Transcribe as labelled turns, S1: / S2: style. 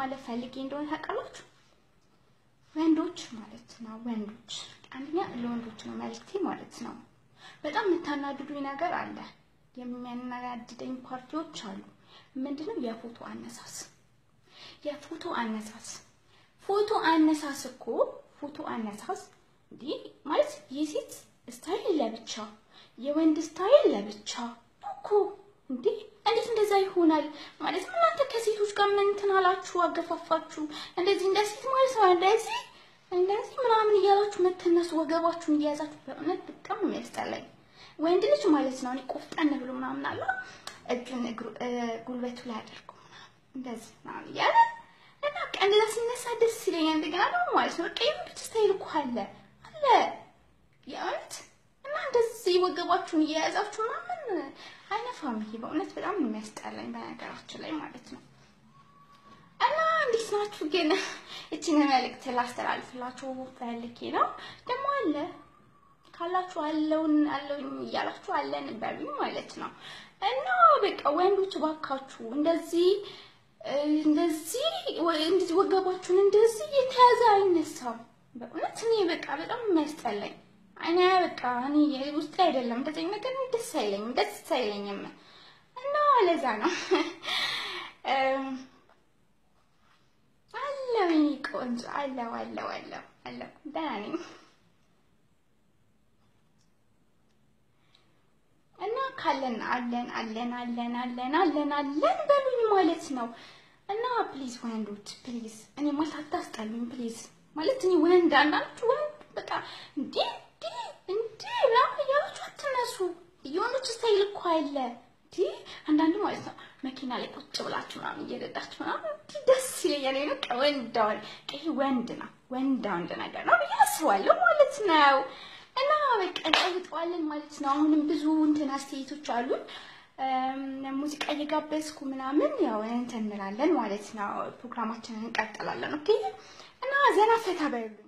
S1: ለማለት ፈልጌ እንደሆነ ታውቃላችሁ። ወንዶች ማለት ነው ወንዶች አንደኛ ለወንዶች ነው መልክቴ ማለት ነው። በጣም የምታናድዱኝ ነገር አለ፣ የሚያናድደኝ ፓርቲዎች አሉ። ምንድነው? የፎቶ አነሳስ የፎቶ አነሳስ ፎቶ አነሳስ እኮ ፎቶ አነሳስ እንዲህ ማለት የሴት ስታይል ለብቻ የወንድ ስታይል ለብቻ እኮ ይሆናል ማለት ነው። እናንተ ከሴቶች ጋር ምን እንትን አላችሁ አገፋፋችሁ እንደዚህ እንደ ሴት ማለት ነው እንደዚህ እንደዚህ ምናምን እያላችሁ መተነሱ ወገባችሁን እየያዛችሁ በእውነት በጣም የሚያስጠላኝ ወንድ ልጅ ማለት ነው። ቆፍጠን ብሎ ምናምን አለ እጁን እግሩ ጉልበቱ ላይ አድርጎ እንደዚህ ምናምን እያለ እና ቀንደላ ሲነሳ ደስ ይለኛል። እንደገና ደግሞ ማለት ነው ቀይም ብቻ ስታይል እኮ አለ አለ የእውነት እና እንደዚህ ወገባችሁን እየያዛችሁ ምናምን አይነፋም። ይሄ በእውነት በጣም የሚያስጠላኝ በነገራችን ላይ ማለት ነው። እና እንዴት ናችሁ? ግን እችን መልእክት ላስተላልፍላችሁ ፈልጌ ነው። ደግሞ አለ ካላችሁ አለውን አለውኝ እያላችሁ አለን በሉ ማለት ነው። እና በቃ ወንዶች ባካችሁ እንደዚህ እንደዚህ ወገባችሁን እንደዚህ የተያዘ አይነሳም። በእውነት እኔ በቃ በጣም የሚያስጠላኝ እኔ በቃ እኔ ውስጥ አይደለም እንደዚህ ነገር ደስ አይለኝም፣ ደስ አይለኝም። እና ለዛ ነው አለው ቆንጆ አለው አለው አለው አለው። ደህና ነኝ እና ካለን አለን አለን አለን አለን አለን አለን በሉኝ ማለት ነው። እና ፕሊዝ ወንዶች ፕሊዝ እኔ ማለት አታስጠሉኝ ፕሊዝ ማለት እኔ ወንድ አንዳንዶች ወንድ በቃ እንዴ የሆነች ስታይል እኮ አለ እንዲ አንዳንድ ማለት ነው። መኪና ላይ ቁጭ ብላችሁ ምናምን እየነዳችሁ ምናምን እንዲ ደስ ይለኛል። በቃ ወንዳ ቀይ ወንድ ነው ወንዳ ወንድ ነገር ነው ብዬ አስባለሁ ማለት ነው። እና በቃ እንጠብጠዋለን ማለት ነው። አሁንም ብዙ እንትን አስተያየቶች አሉን። ሙዚቃ እየጋበዝኩ ምናምን ያው እንትን እንላለን ማለት ነው። ፕሮግራማችንን እንቀጥላለን። ኦኬ እና ዘና ፈታ በሉ